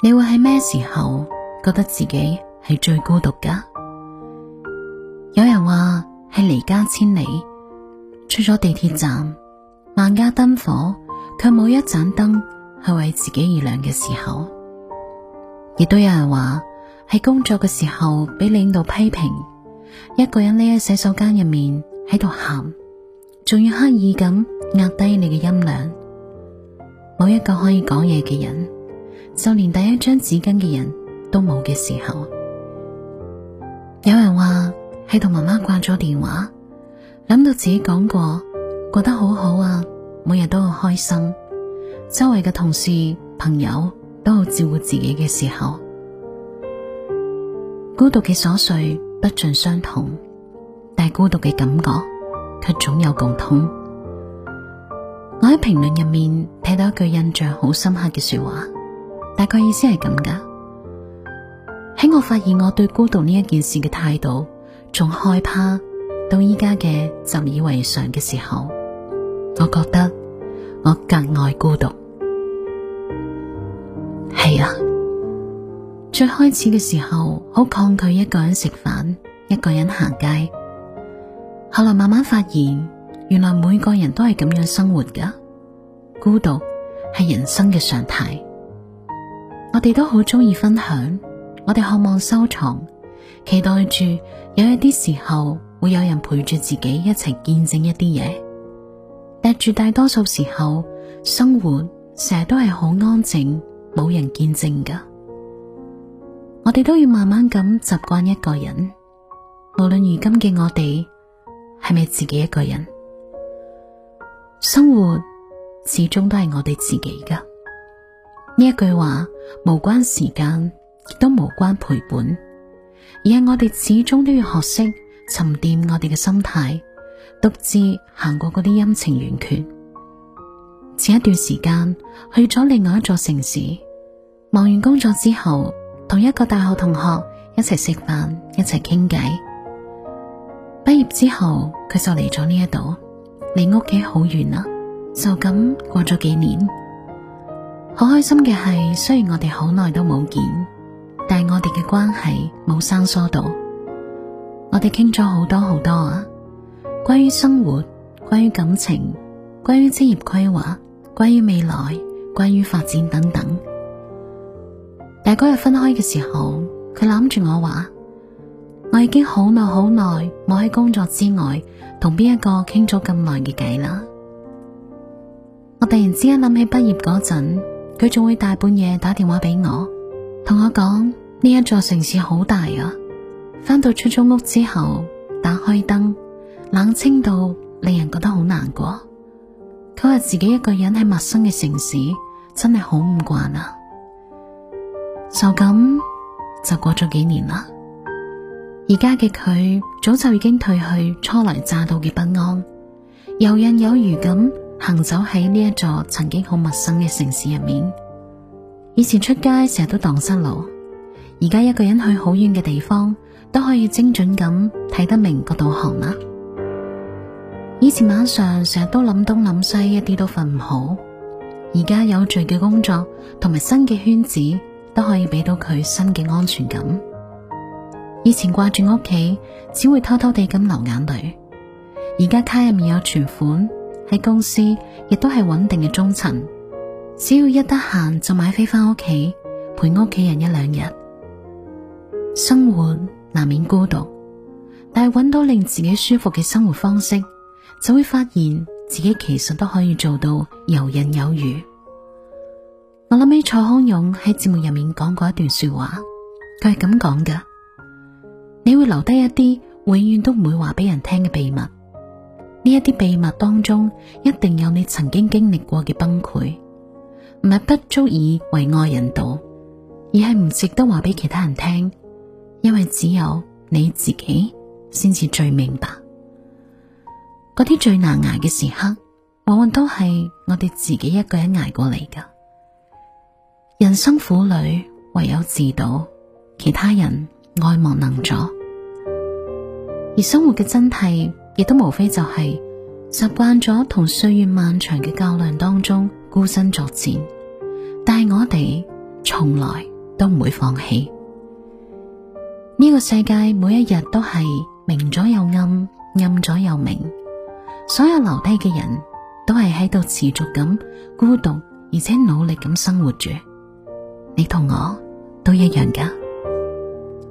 你會喺咩時候覺得自己係最孤獨噶？有人話係離家千里，出咗地鐵站，萬家燈火，卻冇一盞燈係為自己而亮嘅時候；亦都有人話喺工作嘅時候俾領導批評，一個人匿喺洗手間入面喺度喊，仲要刻意咁壓低你嘅音量，冇一個可以講嘢嘅人。就連第一張紙巾嘅人都冇嘅時候，有人話係同媽媽掛咗電話，諗到自己講過，過得好好啊，每日都好開心，周圍嘅同事朋友都好照顧自己嘅時候，孤獨嘅瑣碎不盡相同，但係孤獨嘅感覺卻總有共通。我喺評論入面睇到一句印象好深刻嘅說話。大概意思係咁噶。喺我發現我對孤獨呢一件事嘅態度，從害怕到依家嘅習以為常嘅時候，我覺得我格外孤獨。係啊，最開始嘅時候，好抗拒一個人食飯，一個人行街，後來慢慢發現，原來每個人都係咁樣生活噶，孤獨係人生嘅常態。我哋都好中意分享，我哋渴望收藏，期待住有一啲時候會有人陪住自己一齊見證一啲嘢，但住大多數時候，生活成日都係好安靜，冇人見證噶。我哋都要慢慢咁習慣一個人。無論如今嘅我哋係咪自己一個人，生活始終都係我哋自己噶。呢一句話無關時間，亦都無關陪伴，而係我哋始終都要學識沉澱我哋嘅心態，獨自行過嗰啲陰晴圓缺。前一段時間去咗另外一座城市，忙完工作之後，同一個大學同學一齊食飯，一齊傾偈。畢業之後，佢就嚟咗呢一度，離屋企好遠啦，就咁過咗幾年。好開心嘅係，雖然我哋好耐都冇見，但係我哋嘅關係冇生疏到。我哋傾咗好多好多啊，關於生活，關於感情，關於職業規劃，關於未來，關於發展等等。但係嗰日分開嘅時候，佢攬住我話：我已經好耐好耐冇喺工作之外同邊一個傾咗咁耐嘅偈啦。我突然之間諗起畢業嗰陣。佢仲會大半夜打電話俾我，同我講呢一座城市好大啊！返到出租屋之後，打開燈，冷清到令人覺得好難過。佢話自己一個人喺陌生嘅城市，真係好唔慣啊！就咁就過咗幾年啦，而家嘅佢早就已經退去初來乍到嘅不安，遊刃有餘咁，行走喺呢一座曾經好陌生嘅城市入面，以前出街成日都蕩失路，而家一個人去好遠嘅地方都可以精準咁睇得明個導航啦。以前晚上成日都諗東諗西，一啲都瞓唔好，而家有聚嘅工作同埋新嘅圈子都可以俾到佢新嘅安全感。以前掛住屋企，只會偷偷地咁流眼淚，而家卡入面有存款。喺公司亦都係穩定嘅中層，只要一得閒就買飛翻屋企陪屋企人一兩日。生活難免孤獨，但係揾到令自己舒服嘅生活方式，就會發現自己其實都可以做到游刃有餘。我諗起蔡康永喺節目入面講過一段說話，佢係咁講噶：你會留低一啲永遠都唔會話俾人聽嘅秘密。呢一啲秘密當中，一定有你曾經經歷過嘅崩潰，唔係不足以為愛人道，而係唔值得話俾其他人聽，因為只有你自己先至最明白。嗰啲最難挨嘅時刻，往往都係我哋自己一個人挨過嚟㗎。人生苦旅，唯有自導，其他人愛莫能助。而生活嘅真諦。亦都無非就係、是、習慣咗同歲月漫長嘅較量當中孤身作戰，但係我哋從來都唔會放棄。呢、這個世界每一日都係明咗又暗，暗咗又明，所有留低嘅人都係喺度持續咁孤獨而且努力咁生活住，你同我都一樣㗎。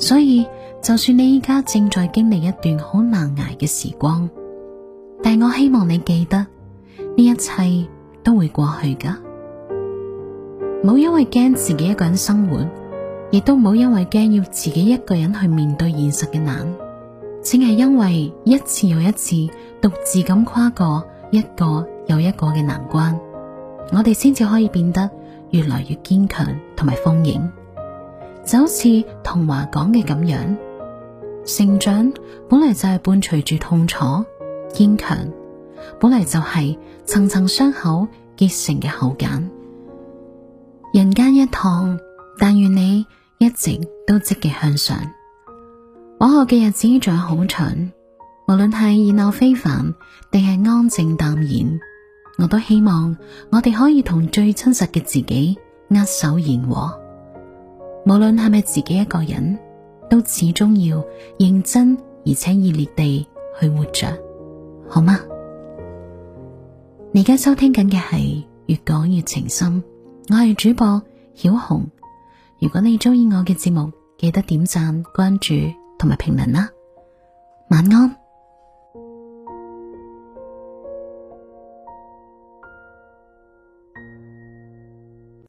所以，就算你依家正在經歷一段好難挨嘅時光，但我希望你記得，呢一切都會過去㗎。唔好因為驚自己一個人生活，亦都唔好因為驚要自己一個人去面對現實嘅難。正係因為一次又一次獨自咁跨過一個又一個嘅難關，我哋先至可以變得越來越堅強同埋豐盈。就好似童話講嘅咁樣，成長本嚟就係伴隨住痛楚，堅強本嚟就係層層傷口結成嘅厚繭。人間一趟，但願你一直都積極向上。往後嘅日子仲有好長，無論係熱鬧非凡定係安靜淡然，我都希望我哋可以同最真實嘅自己握手言和。無論係咪自己一個人，都始終要認真而且熱烈地去活着，好嗎？你而家收聽緊嘅係越講越情深，我係主播曉紅。如果你鍾意我嘅節目，記得點讚、關注同埋評論啦。晚安。